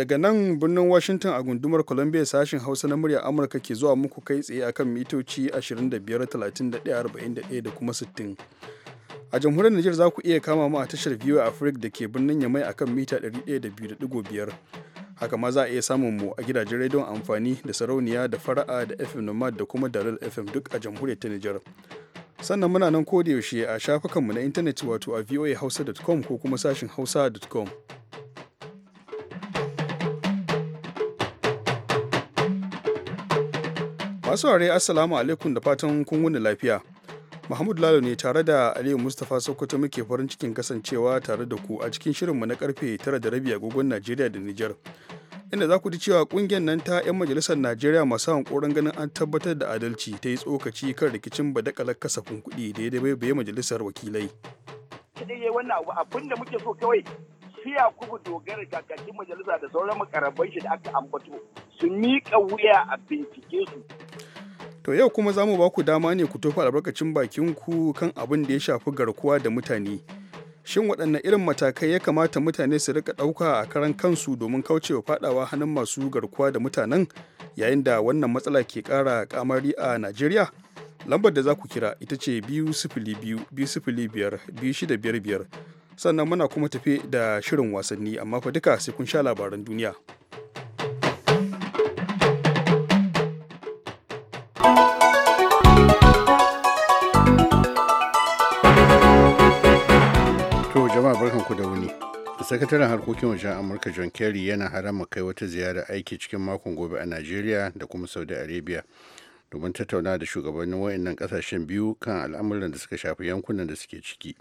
daga nan birnin Washington a gundumar Columbia sashen Hausa na murya Amurka ke zuwa muku kai tsaye akan mitoci 25, 31, 41 da kuma 60. A jamhuriyar niger za ku iya kama mu a tashar VOA Africa da ke birnin Yamai akan mita 102.5. Haka ma za a iya samun mu a gidajen rediyon amfani da sarauniya da fara'a da FM Nomad da kuma Dalil FM duk a jamhuriyar ta Nijar. Sannan muna nan kodayaushe a shafukanmu na intanet wato a voahausa.com ko kuma sashin hausa.com. masu ware assalamu alaikum da fatan kun wuni lafiya Mahmud Lalo ne tare da Aliyu Mustapha Sokoto muke farin cikin kasancewa tare da ku a cikin shirinmu na karfe 9:30 agogon Najeriya da Nijar. Inda za ku ji cewa kungiyar nan ta 'yan majalisar Najeriya masu hankoron ganin an tabbatar da adalci ta yi tsokaci kan rikicin badakalar kasafin kuɗi da ya bai majalisar wakilai. Kaɗai abu abin da muke so kawai shi Yakubu dogara kakakin majalisa da sauran makarabai shi da aka ambato su miƙa wuya a bincike su. To yau kuma za mu ba ku dama ne ku tofa albarkacin bakin ku kan abin da ya shafi garkuwa da mutane. Shin waɗanne irin matakai ya kamata mutane su rika ɗauka a karan kansu domin kaucewa faɗawa hannun masu garkuwa da mutanen yayin da wannan matsala ke ƙara kamari a Najeriya? Lambar da za ku kira ita ce biyu sifili biyu biyu sifili biyar biyu shida biyar biyar. Sannan muna kuma tafe da shirin wasanni amma fa duka sai kun sha labaran duniya. jama'a barkanku da wuni sakataren harkokin wajen amurka john kerry yana harama kai wata ziyara aiki cikin makon gobe a najeriya da kuma saudi arabia domin tattauna da shugabannin wayannan kasashen biyu kan al'amuran da suka shafi yankunan da suke ciki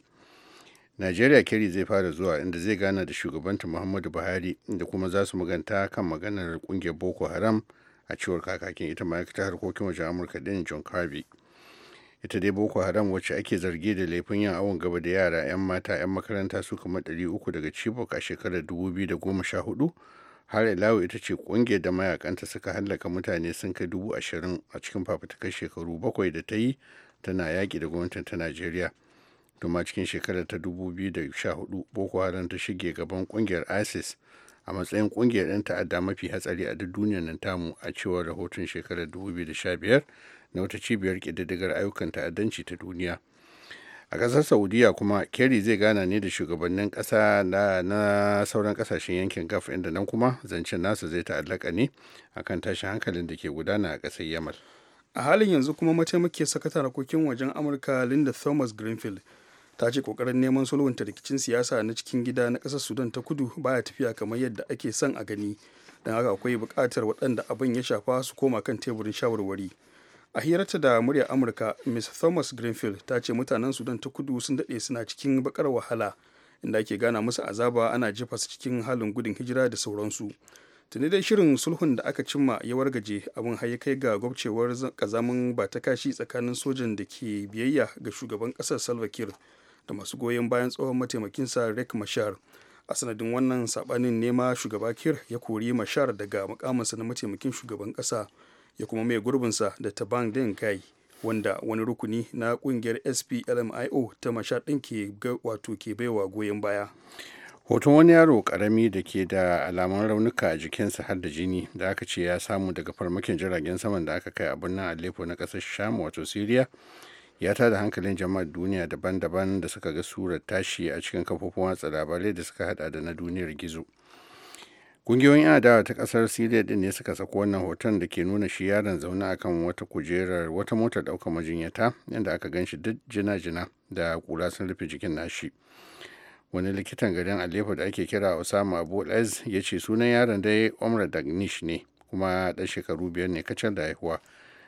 najeriya kerry zai fara zuwa inda zai gana da shugabanta muhammadu buhari da kuma za su maganta kan maganar kungiyar boko haram a cewar kakakin ita ma'aikatar harkokin wajen amurka din john carvey ita dai boko haram wacce ake zargi da laifin yin awon gaba da yara 'yan mata 'yan makaranta su ɗari uku daga chibok a shekarar da sha hudu har ilawo ita ce kungiyar da mayakanta suka hallaka mutane sun kai dubu ashirin a cikin fafutukar shekaru bakwai da ta yi tana yaƙi da gwamnatin ta najeriya domin cikin shekarar ta 2014 boko haram ta shige gaban kungiyar isis a matsayin kungiyar 'yan ta'adda mafi hatsari a duk duniyar nan tamu a cewar rahoton shekarar sha biyar. na wata cibiyar kididdigar ayyukan ta'addanci ta duniya a ƙasar saudiya kuma kerry zai gana ne da shugabannin ƙasa na sauran ƙasashen yankin gaf inda nan kuma zancen nasa zai ta'allaka ne akan tashin hankalin da ke gudana a ƙasar yamal a halin yanzu kuma mataimakiyar sakatar harkokin wajen amurka linda thomas greenfield ta ce kokarin neman sulhunta rikicin siyasa na cikin gida na ƙasar sudan ta kudu baya tafiya kamar yadda ake son a gani don haka akwai bukatar waɗanda abin ya shafa su koma kan teburin shawarwari a hirarta da muryar amurka ms thomas greenfield ta ce mutanen sudan ta kudu sun daɗe suna cikin bakar wahala inda ake gana musu azaba ana jefa su cikin halin gudun hijira da sauransu tuni dai shirin sulhun da aka cimma ya wargaje abin har ya kai ga gwabcewar kazamin ba ta kashi tsakanin sojan da ke biyayya ga shugaban ƙasar salva da masu goyon bayan tsohon mataimakinsa rek mashar a sanadin wannan sabanin nema shugaba kir ya kori mashar daga mukaminsa na mataimakin shugaban ƙasa ya kuma mai gurbinsa da taban din kai wanda wani rukuni na kungiyar splmio ta mashaɗin ke wato ke baiwa goyon baya hoton wani yaro karami da ke da alamun raunuka a jikinsa har da jini da aka ce ya samu daga farmakin jiragen saman da aka kai a birnin aleppo na ƙasar sham wato syria ya tada hankalin jama'ar duniya daban-daban da suka ga surar tashi a cikin kafofin watsa labarai da suka hada da na duniyar gizo Kungiyoyin adawa ta kasar syria din ne suka sako wannan hoton da ke nuna shi yaron zaune a kan wata kujerar wata motar ɗaukar majinyata inda aka ganshi duk jina-jina da kura sun rufe jikin nashi. Wani likitan garin Aleppo da ake kira Osama Abu laiz ya ce sunan yaron dai Omar Dagnish ne kuma dan shekaru biyar ne kacal da haihuwa.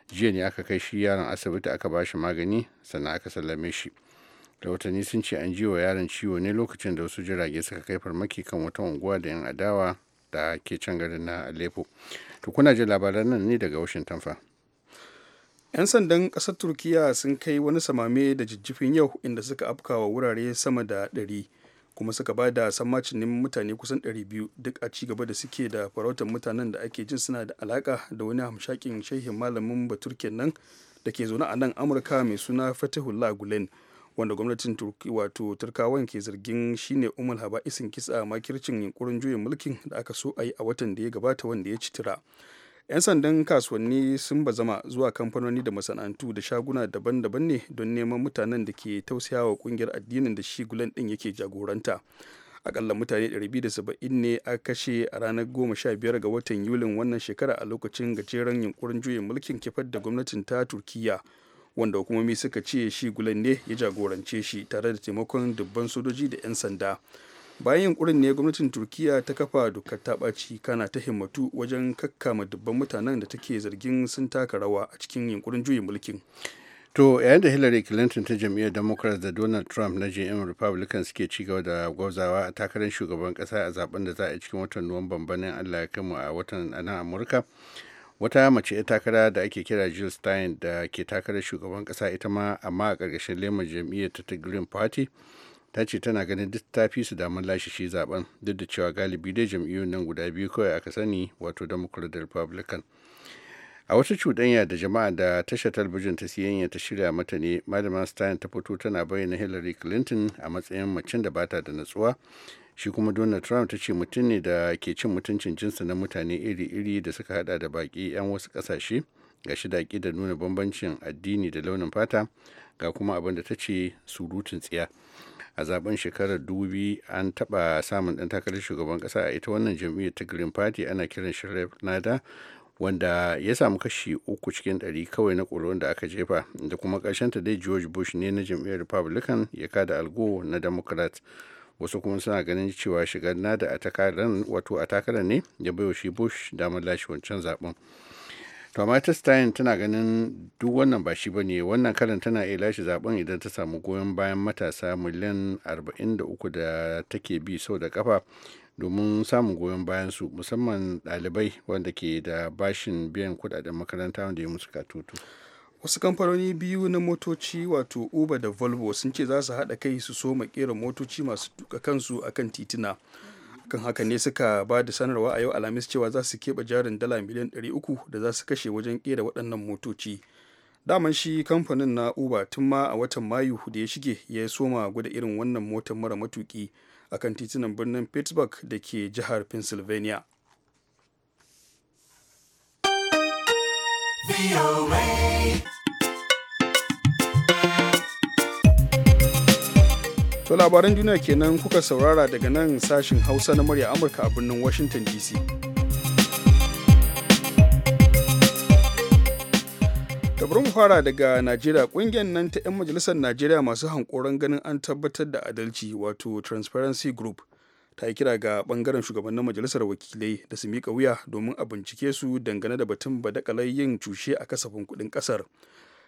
Jiya ne aka kai shi yaron asibiti aka ba shi magani sannan aka sallame shi. rahotanni sun ce an ji wa yaron ciwo ne lokacin da wasu jirage suka kai farmaki kan wata unguwa da 'yan adawa da ke can garin na Aleppo. To kuna jin labaran nan ne daga Washington fa. 'Yan sandan ƙasar turkiyya sun kai wani samame da jijjifin yau inda suka afkawa wurare sama da ɗari kuma suka ba da sammacinin mutane kusan 200 duk a ci gaba da suke da farautar mutanen da ake jin suna da alaka da wani hamshakin shehin malamin baturken nan da ke zaune a nan Amurka mai suna Fatihullah Gulen. wanda gwamnatin wato turkawan ke zargin shine umar haba'isin kitsa makircin yunkurin juyin mulkin da aka so a yi a watan da ya gabata wanda ya citira 'yan sandan kasuwanni sun zama zuwa kamfanoni da masana'antu da shaguna daban-daban ne don neman mutanen da ke tausayawa kungiyar addinin da shi gulan din yake jagoranta akalla mutane 270 ne a kashe a ranar 15 ga watan yulin wannan shekara a lokacin gajeren yunkurin juyin mulkin kifar da gwamnatin ta turkiyya wanda hukumomi suka ce shi gulen ne ya jagorance shi tare da taimakon dubban sojoji da 'yan sanda bayan yunkurin ne gwamnatin turkiya ta kafa duka ta kana ta himmatu wajen kakkama dubban mutanen da take zargin sun taka rawa a cikin yunkurin juyin mulkin To yayin da Hillary Clinton ta jam'iyyar democrat da Donald Trump na jm Republicans suke ci gaba da gwazawa a takarar shugaban kasa a zaben da za a cikin watan nuwan banin Allah ya kama a watan nan Amurka. wata mace ya takara da ake kira jill stein da ke takarar shugaban kasa ita ma amma a ƙarƙashin lemar jam'iyyar ta green party ta ce tana ganin duk ta fi su damar lashe shi zaben duk da cewa galibi dai jam'iyyun nan guda biyu kawai aka sani wato democrat da republican a wata cuɗanya da jama'a da tasha talabijin ta siyanya ta shirya mata ne malama stein ta fito tana bayyana hillary clinton a matsayin macen da bata da natsuwa shi kuma donald trump ta ce mutum ne da ke cin mutuncin jinsi na mutane iri-iri da suka hada da baki 'yan wasu kasashe ga shi da da nuna bambancin addini da launin fata ga kuma abin da ta ce surutun tsiya a zaben shekarar dubi an taba samun dan takarar shugaban kasa a ita wannan jam'iyyar ta green party ana kiran shi nada wanda ya samu kashi uku cikin ɗari kawai na ƙuri'un da aka jefa da kuma ta dai george bush ne na jam'iyyar republican ya kada algo na democrat wasu kuma suna ganin cewa shigar nada da wato a takarar ne ya baiwa shi bush damar lashe wancan zaben tomata stein tana ganin duk wannan ba shi ba ne wannan karin tana iya lashe zaben idan ta samu goyon bayan matasa miliyan 43 da take bi sau da kafa domin samun goyon bayan su musamman ɗalibai wanda ke da bashin biyan kudaden makaranta wanda ya musu katutu wasu kamfanoni biyu na motoci wato uber da volvo sun ce za su haɗa kai su soma ƙera motoci masu duka kansu akan titina kan haka ne suka ba da sanarwa a yau alhamis cewa za su keɓe jarin dala miliyan 300 da za su kashe wajen ƙera waɗannan motoci daman shi kamfanin na uber tun ma a watan mayu da ya shige ya soma gwada irin wannan motar mara matuki akan titunan birnin pittsburgh da ke jihar pennsylvania To labaran duniya kenan kuka saurara daga nan sashin Hausa na murya Amurka a birnin Washington DC. bari mu fara daga najeriya kungiyar nan ta 'yan majalisar najeriya masu hankoron ganin an tabbatar da adalci wato transparency group ta yi kira ga bangaren shugabannin majalisar wakilai da su miƙa wuya domin a bincike su dangane da batun badakalai yin cushe a kasafin kuɗin ƙasar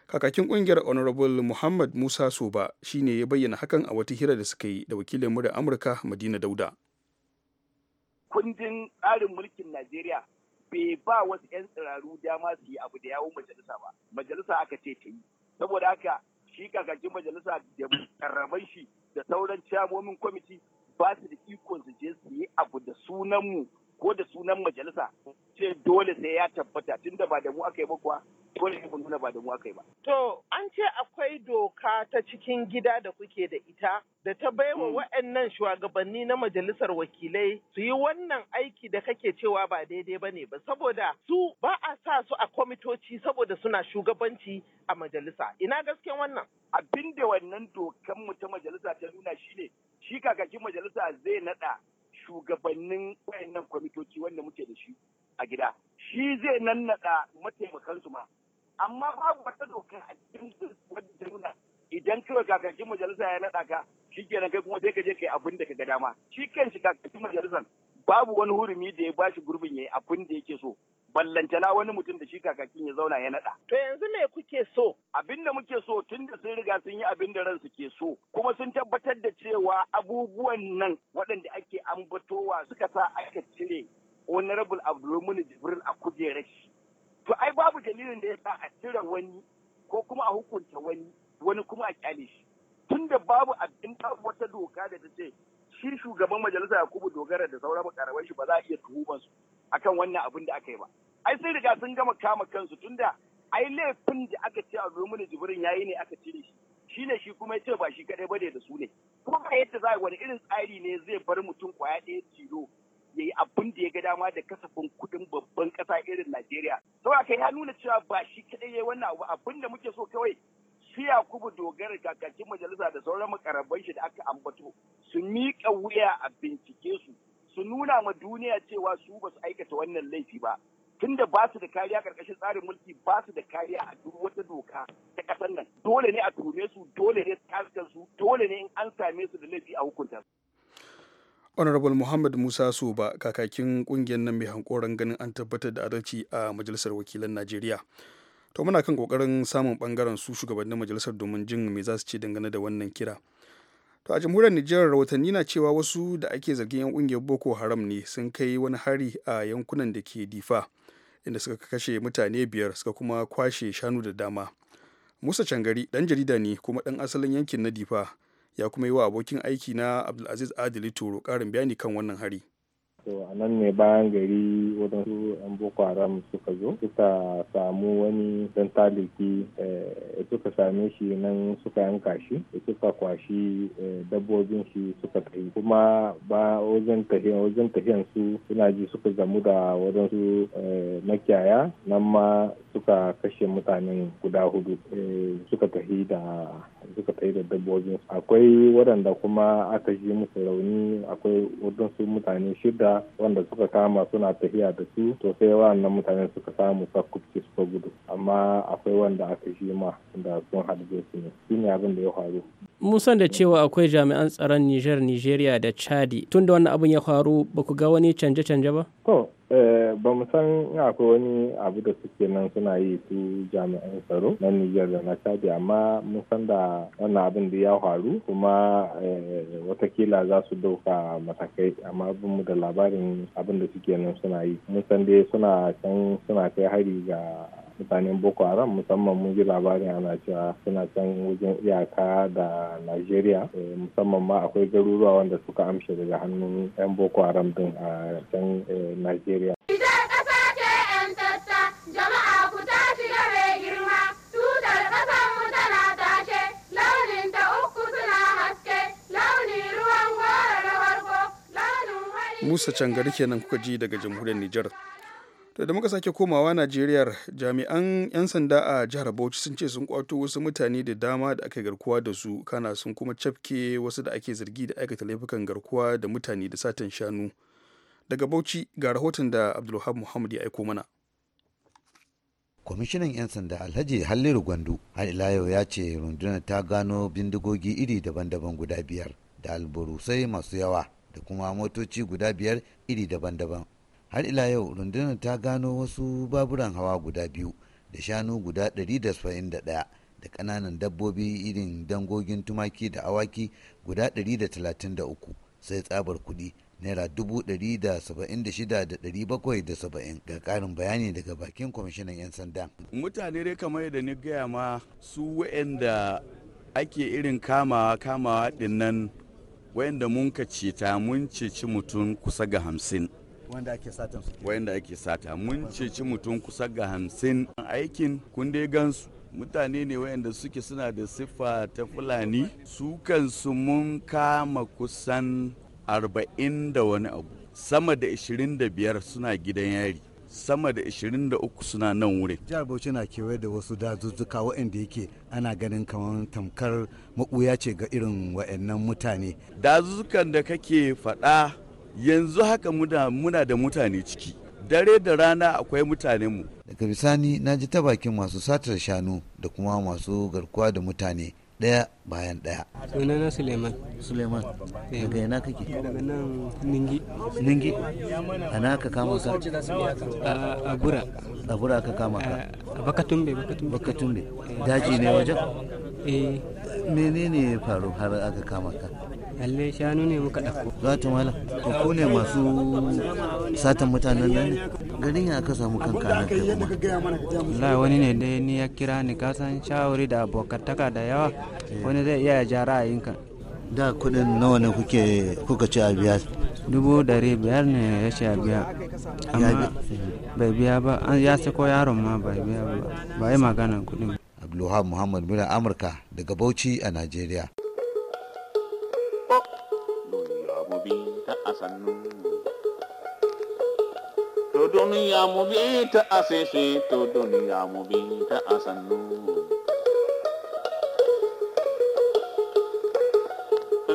kakakin ƙungiyar honorable muhammad musa soba shine ya bayyana hakan a wata hira da suka yi da wakilin murya amurka madina dauda kundin tsarin mulkin najeriya bai ba wasu 'yan tsiraru dama su yi abu da yawon majalisa ba majalisa aka ce ta yi saboda haka shi kakakin majalisa da karraban shi da sauran ciyamomin kwamiti ba su da ikon su je su yi abu da sunan mu ko da sunan majalisa ce dole sai ya tabbata tunda ba da mu aka yi ba kuwa dole ne nuna ba da mu aka yi ba. To an ce akwai doka ta cikin gida da kuke da ita da ta baiwa hmm. waɗannan shugabanni na majalisar wakilai su yi wannan aiki da kake cewa ba daidai ba ne ba saboda su ba a sa su a kwamitoci saboda suna shugabanci a majalisa ina gasken wannan. Abin da wannan dokan mu ta majalisa ta nuna shine shi kakakin majalisa zai naɗa shugabannin wayannan kwamitoci wanda muke da shi a gida shi zai mataimakan mataimakansu ma amma babu wata doka a cikin wadda nuna idan kawai kakakin majalisa ya naɗa ka shi kenan kai kuma sai ka je kai abin da ka ga dama shi kanshi kakakin majalisan babu wani hurumi da ya bashi gurbin yayi abin da yake so ballantana wani mutum da shi kakakin ya zauna ya naɗa. To yanzu me kuke so? Abin da muke so tun da sun riga sun yi abin da ransu ke so kuma sun tabbatar cewa abubuwan nan waɗanda ake ambatowa suka sa aka cire honorable abdulmumin jibril a kujerar shi to ai babu dalilin da ya sa a cire wani ko kuma a hukunta wani wani kuma a kyale shi tunda babu abin wata doka da ta ce shi shugaban majalisa yakubu dogara da sauran makarabai shi ba za a iya tuhuman su akan wannan abin da aka yi ba ai sai riga sun gama kama kansu tunda ai laifin da aka ce a zo jibrin yayi ne aka cire shi Shi ne shi kuma ce ba shi kadai bane da su ne kuma ba yadda za a wani irin tsari ne zai bar mutum kwaya ɗaya tilo ya yi abin da ya ga dama da kasafin kuɗin babban ƙasa irin Najeriya. Sau kai ya nuna cewa ba shi kadai ya yi wannan abu abin da muke so kawai su Yakubu Dogara kakakin majalisa da sauran makarabban shi da aka ambato su miƙa wuya a bincike su su nuna ma duniya cewa su ba su aikata wannan laifi ba tunda ba su da kariya karkashin tsarin mulki ba su da kariya a duk wata doka ta kasar nan dole ne a tume su dole ne taskan su dole ne in an same su da laifi a hukunta su honorable muhammad musa soba kakakin kungiyar nan mai hankoron ganin an tabbatar da adalci a majalisar wakilan najeriya to muna kan kokarin samun bangaren su shugabannin majalisar domin jin me za su ce dangane da wannan kira to a jamhuriyar Nijar rahotanni na cewa wasu da ake zargin 'yan kungiyar Boko Haram ne sun kai wani hari a yankunan da ke Difa inda suka kashe mutane biyar suka kuma kwashe shanu da dama musa cangari dan jarida ne kuma dan asalin yankin na difa ya kuma yi wa abokin aiki na abdulaziz adili turo karin bayani kan wannan hari to a nan ne bayan gari wadansu yan boko haram suka zo suka samu wani dan taliki eh, suka same shi nan suka yanka shi suka kwashi eh, dabbobin shi suka tafi kuma ba wajen tafiyan wajen tafiyan su suna ji suka gamu da wadansu eh, makiyaya nan ma suka kashe mutanen guda hudu suka tafi da suka tafi da dabbobin akwai waɗanda kuma aka ji musu rauni akwai wadansu mutane shida wanda suka kama suna tafiya da su to sai wannan mutanen suka samu sakubci suka gudu amma akwai wanda aka shi ma da sun harbe su ne shi ne abin da ya faru san da cewa akwai jami'an tsaron Niger Nigeria da Chadi da wannan abin ya faru ba ku ga wani canje-canje ba to Eh, ba mu san akwai wani abu da suke nan suna yi su jami'an tsaro na Nijar da na Chadi amma mun san da wannan abin da ya faru kuma eh, watakila za su dauka matakai amma bin mu da labarin abin da suke nan suna yi mun san dai suna can suna kai hari ga mutanen boko haram musamman mun ji labarin ana cewa suna can wajen iyaka da najeriya eh, musamman ma akwai garuruwa wanda suka amshe daga hannun 'yan boko haram din a can eh, najeriya Musa Cangari kenan kuka ji daga jamhuriyar Nijar. da da muka sake komawa najeriya jami'an 'yan sanda a jihar bauchi sun ce sun kwato wasu mutane da dama da aka garkuwa da su kana sun kuma cafke wasu da ake zargi da aikata laifukan garkuwa da mutane da satan shanu daga bauchi ga rahoton da abdulhab muhammad ya aiko mana kwamishinan 'yan sanda alhaji halliru gwandu har ila yau ya ce rundunar ta gano bindigogi iri daban-daban guda biyar da alburusai masu yawa da kuma motoci guda biyar iri daban-daban har ila yau rundunar ta gano wasu baburan hawa guda biyu da shanu guda 171 da kananan dabbobi irin dangogin tumaki da awaki guda 133 sai tsabar kudi naira 176,770 ga karin bayani daga bakin kwamishinan 'yan sanda. mutane dai kamar da ni gaya ma su wa'anda ake irin kamawa kamawa dinnan wa'anda mun ka ceta mun ceci mutum kusa ga hamsin. wanda ake sata ake sata mun ceci mutum kusa ga hamsin aikin kun gansu mutane ne wayanda suke suna da siffa ta fulani su kansu mun kama kusan arba'in da wani abu sama da da biyar suna gidan yari sama da da uku suna nan wurin. Jihar Bauchi na kewaye da wasu dazuzzuka waɗanda yake ana ganin kamar tamkar maɓuya ce ga irin waɗannan mutane. Dazuzzukan da kake faɗa yanzu haka muna, muna da mutane ciki dare da rana akwai mutanenmu daga bisani na ji ta bakin masu satar shanu da kuma masu garkuwa da mutane daya bayan daya na suleiman suleiman daga yana kake daga nan ningi ningi a na ka kama ka a gura a gura ka kama ka a Bakatunbe. Bakatunbe daji ne wajen eh menene faru har aka kama ka lalle shanu ne muka ɗauko za ta mala ko ne masu satan mutanen nan ne garin ya ka samu kanka na kai kuma wani ne dai ni ya kira ni ka san shawari da abokantaka da yawa eh. wani zai iya ya ja ra'ayinka da kuɗin nawa ne kuke kuka ci a biya dubu dari biyar ne ya ce a biya amma bai biya ba ya ko yaron ma bai biya ba ba yi magana kuɗin abdulwahab muhammad mura amurka daga bauchi a najeriya bi ta a sannu to duniya mu bi ta a sese to duniya mu bi ta a sannu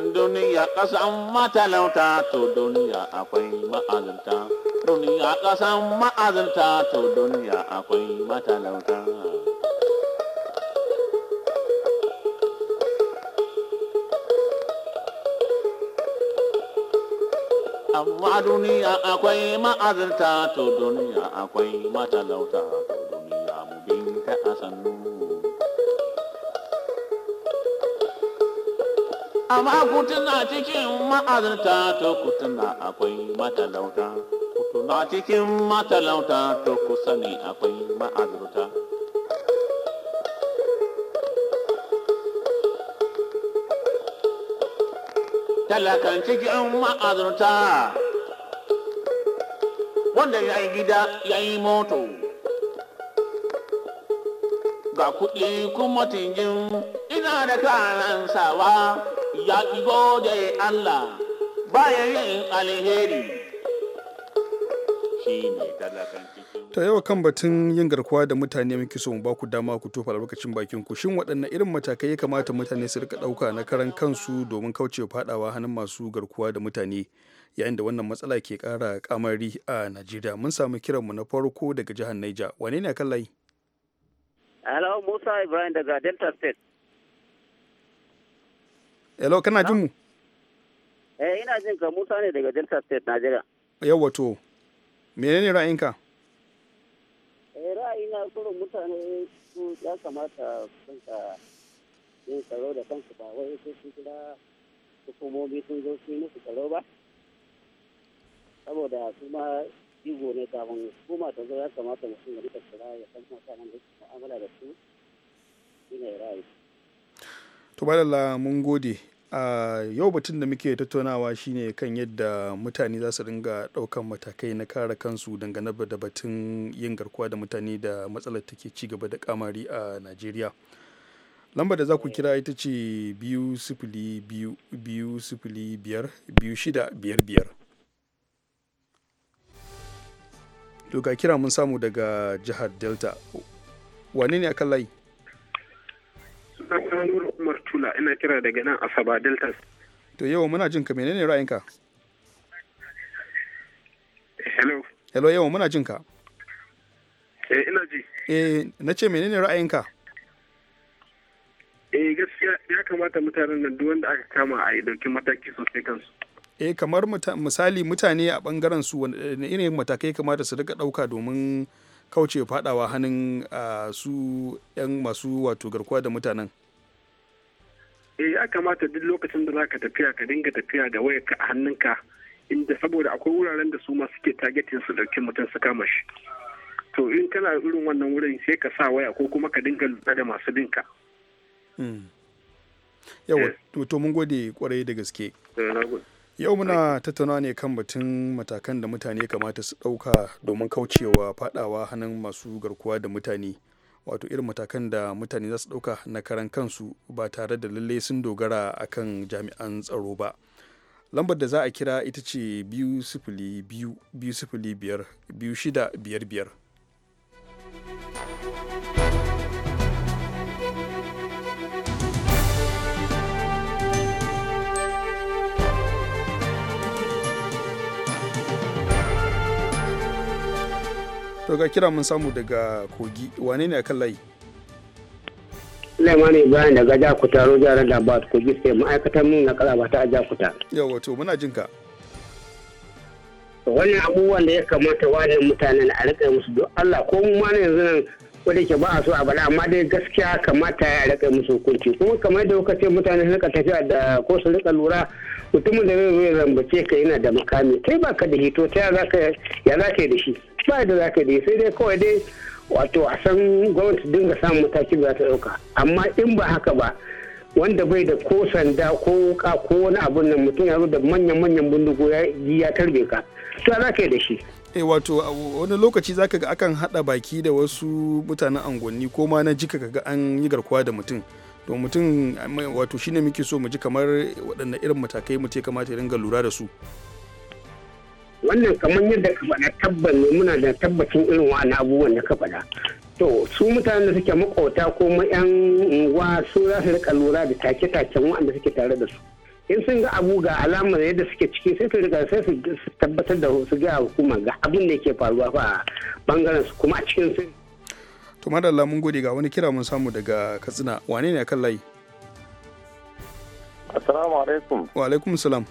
duniya ƙasan matalauta to duniya akwai ma'azinta duniya ƙasan ma'azinta to duniya akwai matalauta amma duniya akwai ma'azarta to duniya akwai matalauta to duniya mu binta a sannu amma kutuna cikin ma'azarta to kutuna akwai matalauta kutuna cikin matalauta to kusa ne akwai ma'azarta talakan cikin ma'azurta wanda ya yi gida ya yi moto ga kuɗi kuma tijin ina da kanan sawa ya gode Allah bayan yin alheri shi ne ta yau kan batun yin garkuwa da mutane muke so mu baku dama ku tofa albarkacin bakin ku shin waɗanne irin matakai ya kamata mutane su rika ɗauka na karan kansu domin kauce faɗawa hannun masu garkuwa da mutane yayin da wannan matsala ke ƙara kamari a Najeriya mun samu kiranmu na farko daga jihar Niger wane ne kan layi Hello Musa Ibrahim daga Delta State Hello kana jin mu Eh ina jin ka Musa ne daga Delta State Najeriya Yawwa to menene ra'ayinka gurin mutane su ya kamata sun ka yin tsaro da kansu ba wai sai su kira hukumomi sun zo su yi musu tsaro ba saboda su ma igo ne kafin kuma ta zo ya kamata mutum ya rika tsira ya san mutanen da su mu'amala da su shi ne ra'ayi. to mun gode a yau batun da muke tattaunawa shine kan yadda mutane za su ringa daukan matakai na kare kansu dangane da batun yin garkuwa da mutane da matsalar take ci gaba da kamari a najeriya lambar da za ku kira ita ce biyu sifili biyu sifili biyar biyu shida biyar biyar doka kira mun samu daga jihar delta wane ne akan layi Umar Tula ina kira daga nan Asaba Deltas. To yau muna jin ka menene ra'ayinka? Hello. Hello yau muna jin ka. Eh ina ji. Eh na ce menene ra'ayinka? Eh gaskiya ya kamata mutanen nan duk wanda aka kama a yi dauki mataki sosai kansu. Eh kamar misali mutane a bangaren su wani irin matakai kamata su rika dauka domin kauce fadawa hannun su 'yan masu wato garkuwa da mutanen eh ya kamata duk lokacin da zaka tafiya ka dinga tafiya da waya ka a hannunka inda saboda akwai wuraren da su ma suke targetin su dauki mutum su kama shi to in kana irin wannan wurin sai ka sa waya ko kuma ka dinga lura da masu binka hmm. yawa eh. to mun gode kwarai da gaske eh, yau muna tattauna ne kan batun matakan da mutane kamata su ɗauka domin kaucewa fadawa hannun masu garkuwa da mutane wato irin matakan da mutane za su ɗauka na karan kansu ba tare da lalle sun dogara a kan jami'an tsaro ba lambar da za a kira ita ce biyu sifili biyu biyu sifili biyar biyu shida biyar biyar to ga kira mun samu daga kogi wane ne akan layi Suleiman Ibrahim daga Jakuta Rojaran da ba kogi sai ma'aikatan mun na kala ta a Jakuta yawa to muna jin ka wannan abubuwan da ya kamata wajen mutanen a rika musu don Allah ko mu ma yanzu nan wanda ke ba a so a bala amma dai gaskiya kamata ya rika musu hukunci kuma kamar da kuka ce mutane su rika tafiya da ko su rika lura mutumin da zai zambace ka yana da makami kai baka da hito ta ya za ka yi da shi ba da za ka sai dai kawai dai wato a san gwamnati dinga samun mataki da za ta ɗauka amma in ba haka ba wanda bai da ko sanda ko wuka ko wani abun nan mutum ya zo da manyan-manyan bindigo ya tarbe ka to za ka yi da shi e wato wani lokaci zaka ga akan hada baki da wasu mutanen angonni ko ma na jika kaga an yi garkuwa da mutum to mutum wato shine muke so mu ji kamar waɗanne irin matakai mutum ya kamata ya ringa lura da su wannan kamar yadda ka faɗa tabban ne muna da tabbacin irin wani abubuwan da ka faɗa to su mutanen da suke makwauta ko yan unguwa su za su rika lura da take-taken waɗanda suke tare da su in sun ga abu ga alamar yadda suke ciki sai su riga sai su tabbatar da su ga hukuma ga abin da yake faruwa fa bangaren su kuma a cikin su to madalla mun gode ga wani kira mun samu daga katsina wane ne akan layi assalamu alaikum wa alaikum salam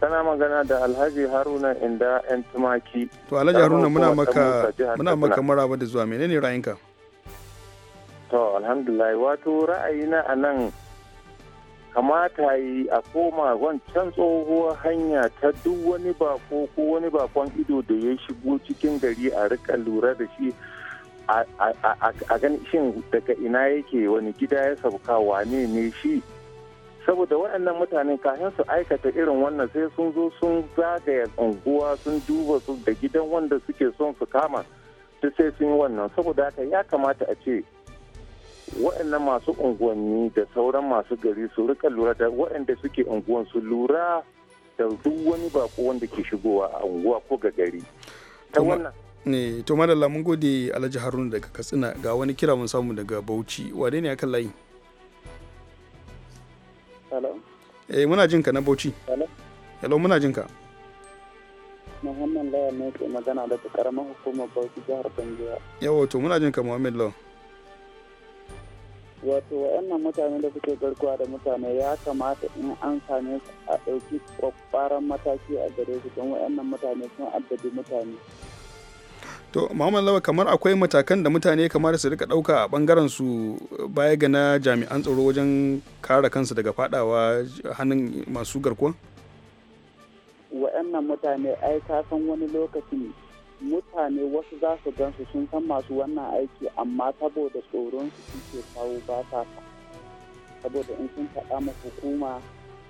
Kana magana da Alhaji Haruna Inda ‘yan tumaki. To Alhaji Haruna muna maka muna maka maraba da zuwa menene ra'ayinka? To alhamdulillah wato ra'ayina a nan kamata yi a koma wancan tsohuwar hanya ta duk wani bako ko wani bakon ido da ya shigo cikin gari a rika lura da shi a gan shin daga ina yake wani gida ya sauka wane ne shi. saboda waɗannan mutane kafin su aikata irin wannan sai sun zo sun zagaya unguwa sun duba su da gidan wanda suke son su kama su sai sun yi wannan saboda haka ya kamata a ce waɗannan masu unguwanni da sauran masu gari su rika lura da waɗanda suke unguwan su lura da duk wani bako wanda ke shigowa a unguwa ko ga gari ta wannan ne to madalla mun gode alhaji haruna daga katsina ga wani kira mun samu daga bauchi wane ne akan layi Hello. Eh muna jin ka na Bauchi. Hello. Hello muna jin ka. Muhammad Lawa ne ke magana da karamar hukumar Bauchi jihar Bangiya. Yawo to muna jin ka Muhammad Lawa. Wato wa'annan mutane da suke garkuwa da mutane ya kamata in an same su a ɗauki ƙwaƙƙwaran mataki a gare su don wa'annan mutane sun addabi mutane. to Muhammad Lawa kamar akwai matakan da mutane kamar su rika dauka a bangaren su baya ga na jami'an tsaro wajen kare kansu daga fadawa hannun masu garkuwa wa'annan mutane ai ka san wani lokacin mutane wasu za su gansu sun san masu wannan aiki amma saboda tsoron su suke kawo ba sa saboda in sun faɗa ma hukuma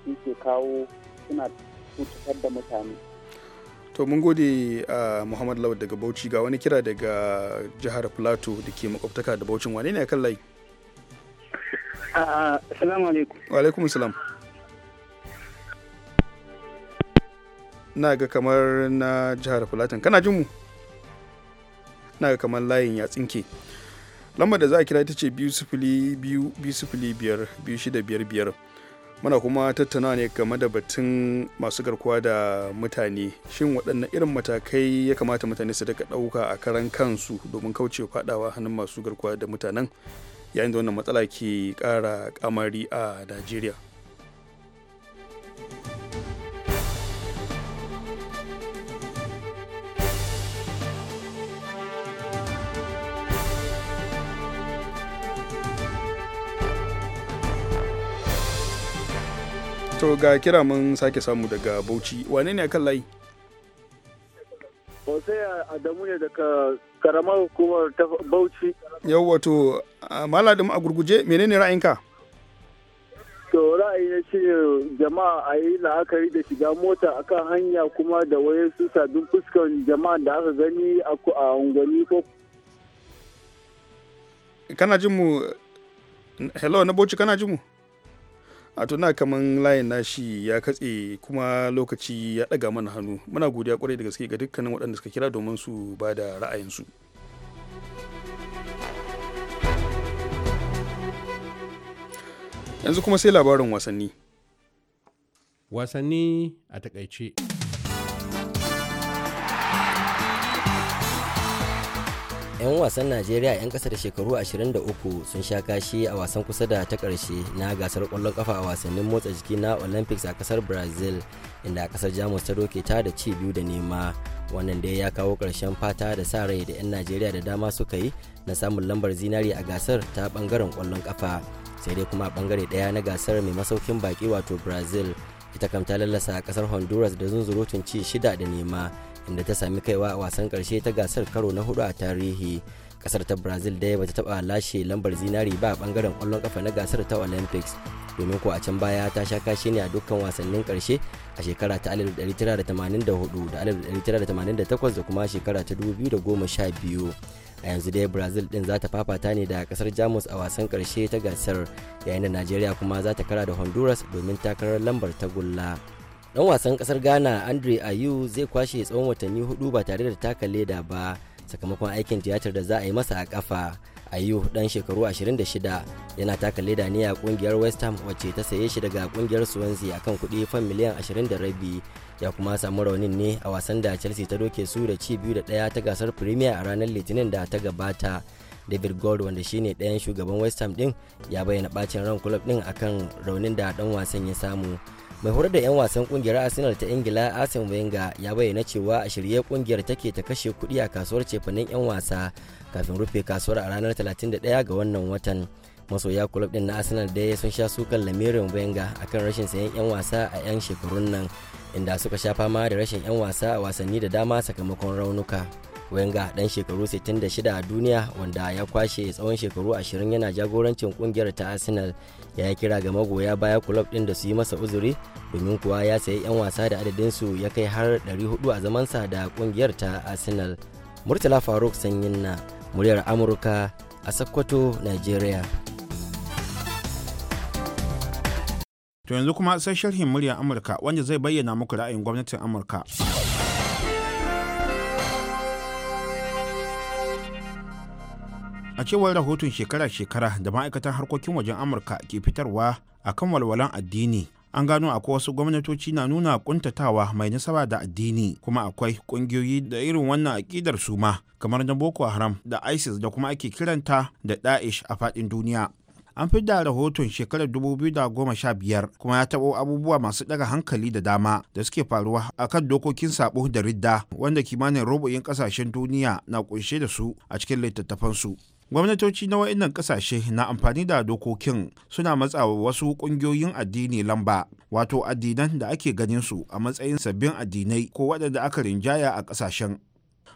suke kawo suna cutar da mutane to mun gode a muhammad lawal daga bauchi ga wani kira daga jihar plateau da ke makwabtaka da bauchin wane ne kan layi assalamu alaikum wa alaikum salam na ga kamar na jihar plateau kana jin mu na ga kamar layin ya tsinke lambar da za a kira ita ce biyu sifili biyu biyu sifili biyar biyu shida biyar biyar muna kuma tattauna ne game da batun masu garkuwa da mutane shin waɗanne irin matakai ya kamata mutane su daga ɗauka a karan kansu domin kauce faɗawa hannun masu garkuwa da mutanen yayin da wannan matsala ke ƙara kamari a najeriya to ga kira mun sake samu daga bauchi wane ne kan layi hosea adamu ne daga karamar hukumar ta bauchi yau wato maladin a gurguje menene ra'ayinka to ra'ayi na shi jama'a a yi la'akari da shiga mota akan hanya kuma da su sabbin fuskan jama'a da aka gani a unguwanni ko kana jin mu hello na bauchi kana jin mu a tuna kamar layin nashi ya katse kuma lokaci ya ɗaga mana hannu muna godiya kwarai da gaske ga dukkanin waɗanda suka kira domin su ba da ra'ayinsu yanzu kuma sai labarin wasanni wasanni a takaice 'yan wasan najeriya 'yan kasa da shekaru 23 sun sha kashi a wasan kusa da ta karshe na gasar kwallon kafa a wasannin motsa jiki na olympics a kasar brazil inda kasar jamus ta doke ta da ci biyu da nema wannan dai ya kawo karshen fata da sa rai da 'yan najeriya da dama suka yi na samun lambar zinari a gasar ta bangaren kwallon kafa sai dai kuma a bangare daya na gasar mai masaukin baki wato brazil ita kam ta lallasa kasar honduras da zunzurutun ci shida da nema inda ta sami kaiwa a wasan karshe ta gasar karo na hudu a tarihi kasar ta brazil ba bata taba lashe lambar zinari ba a bangaren kwallon kafa na gasar ta olympics domin ko a can baya ta sha kashi ne a dukkan wasannin karshe a shekara ta 1984 da 1988 da kuma shekara ta 2012 a yanzu dai brazil din za ta fafata ne da kasar jamus a wasan karshe ta gasar yayin da najeriya kuma za ta kara da honduras domin takarar lambar ta gulla. dan wasan kasar ghana andre ayu zai kwashe tsawon watanni hudu ba tare da taka leda ba sakamakon aikin tiyatar da za a yi masa a kafa ayu dan shekaru 26 yana taka leda ne a kungiyar west ham wacce ta saye shi daga kungiyar swansea akan kuɗi fan miliyan 20 ya kuma samu raunin ne a wasan da chelsea ta doke su da ci biyu da ɗaya ta gasar premier a ranar litinin da ta gabata david gold wanda ne ɗayan shugaban west ham din ya bayyana bacin ran club din akan raunin da dan wasan ya samu mai horar da 'yan wasan kungiyar arsenal ta ingila arsene wenger ya bayyana cewa a shirye kungiyar take ta kashe kuɗi a kasuwar cefanen 'yan wasa kafin rufe kasuwar a ranar 31 ga wannan watan masoya kulob din na arsenal ya sun sha sukan lamirin wenger akan rashin sayan 'yan wasa a 'yan shekarun nan inda suka sha fama da rashin 'yan wasa a wasanni da dama sakamakon raunuka. Wenger dan shekaru 66 a duniya wanda ya kwashe tsawon shekaru 20 yana jagorancin kungiyar ta Arsenal ya yi kira ga magoya baya kulob din da su yi masa uzuri domin kuwa ya sayi 'yan wasa da adadin su ya kai har 400 a zamansa da kungiyar ta Arsenal. Murtala Faruk Sanyin na muryar Amurka a Sokoto, Nigeria. To yanzu kuma sai sharhin muryar Amurka wanda zai bayyana muku ra'ayin gwamnatin Amurka. a cewar rahoton shekara-shekara da ma'aikatan harkokin wajen amurka ke fitarwa a kan walwalan addini an gano akwai wasu gwamnatoci na nuna kuntatawa mai nasaba da addini kuma akwai kungiyoyi da irin wannan akidar su ma kamar na boko haram da isis da kuma ake kiranta da daesh a fadin duniya an fi da rahoton shekarar 2015 kuma ya taɓo abubuwa masu ɗaga hankali da dama da suke faruwa a kan dokokin sabo da ridda wanda kimanin rubu'in ƙasashen duniya na ƙunshe da su a cikin littattafansu. gwamnatoci na wa'annan kasashe na amfani da dokokin suna matsawa wasu kungiyoyin addini lamba wato addinan da ake ganin su a matsayin sabbin addinai ko waɗanda aka rinjaya a ƙasashen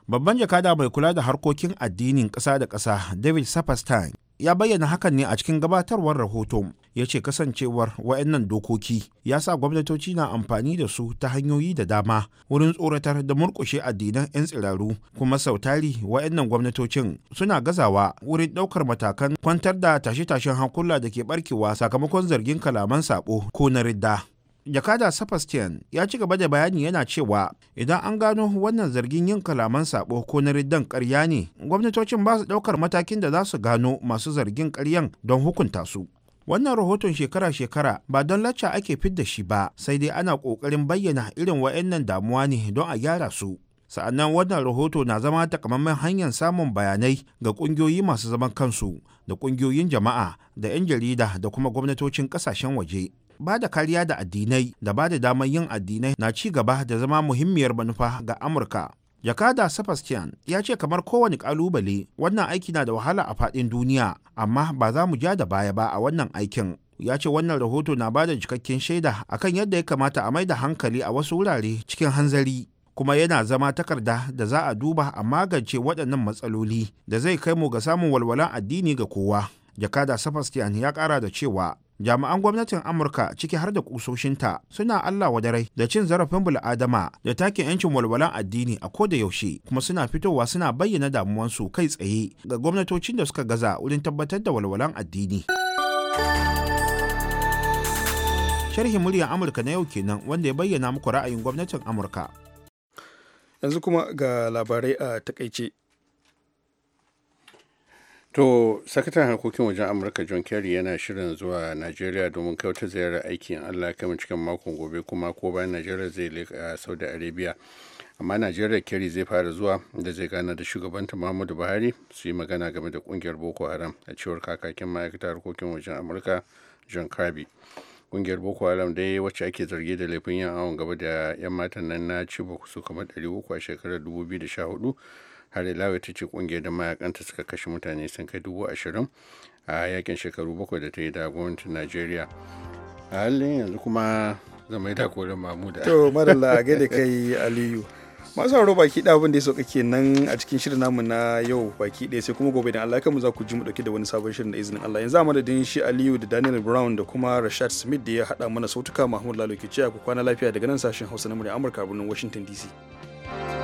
babban jakada mai kula da harkokin addinin ƙasa da ƙasa david sapastan ya bayyana hakan ne a cikin gabatarwar rahoton ya ce kasancewar wa'annan dokoki ya sa gwamnatoci na amfani da su ta hanyoyi da dama wurin tsoratar da murkushe addinan 'yan tsiraru kuma sautari wa'annan gwamnatocin suna gazawa wurin ɗaukar matakan kwantar da tashe-tashen hankula da ke barkewa sakamakon zargin kalaman sabo ko na ridda. jakada sebastian ya ci gaba da bayani yana cewa idan an gano wannan zargin yin kalaman sabo ko na riddan karya ne gwamnatocin ba su daukar matakin da za su gano masu zargin karyan don hukunta su Wannan rahoton shekara-shekara ba don lacca ake da shi ba, sai dai ana ƙoƙarin bayyana irin wa'annan damuwa ne don a gyara su. Sa'annan wannan rahoto na zama takamaiman hanyar samun bayanai ga ƙungiyoyi masu zaman kansu da ƙungiyoyin jama'a da 'yan jarida da kuma gwamnatocin ƙasashen waje. Ba da kariya da addinai da ba da damar yin addinai na ci gaba da zama muhimmiyar manufa ga Amurka. Yakada Sebastian ya ce kamar kowane kalubale wannan aiki na da wahala a faɗin duniya amma ba za mu ja da baya ba a wannan aikin. Ya ce wannan rahoto na bada cikakken shaida akan yadda ya kamata a mai da hankali a wasu wurare cikin hanzari kuma yana zama takarda da za a duba a magance waɗannan matsaloli da zai kai mu ga samun walwalan addini ga kowa. Jakada Sebastian ya ƙara da cewa jami'an gwamnatin amurka ciki har da kusoshinta suna allah wadarai da cin zarafin bil'adama da take yancin walwalan addini a koda yaushe kuma suna fitowa suna bayyana damuwansu kai tsaye ga gwamnatocin da suka gaza wurin tabbatar da walwalan addini sharhin muryar amurka na yau kenan wanda ya bayyana muku ra'ayin gwamnatin amurka yanzu kuma ga labarai a takaice To, sakataren harkokin wajen Amurka John Kerry yana shirin zuwa Najeriya domin kyauta ziyarar aikin Allah kamar cikin makon gobe kuma ko bayan Najeriya zai leƙa eh, Saudi Arabia. Amma Najeriya Kerry zai fara zuwa da zai gana da shugabanta Muhammadu Buhari su yi magana game da kungiyar Boko Haram a cewar kakakin ma'aikatar harkokin wajen Amurka John Kirby. Kungiyar Boko Haram dai wacce ake zargi da laifin yin awon gaba da 'yan matan nan na Chibok su kamar uku a shekarar 2014 har ilawa ta ce kungiyar da mayakanta suka kashe mutane sun kai dubu ashirin a yakin shekaru bakwai da ta yi da gwamnatin najeriya a halin yanzu kuma zama takorin mamu da to madalla a gaida kai aliyu masu haro baki da abin da ya sauka kenan a cikin shirin namu na yau baki ɗaya sai kuma gobe da Allah kanmu za ku ji mu dauke da wani sabon shirin da izinin Allah yanzu a madadin shi Aliyu da Daniel Brown da kuma Rashad Smith da ya haɗa mana sautuka Mahmud Lalo ke cewa ku kwana lafiya daga nan sashen Hausa na murya Amurka birnin Washington DC.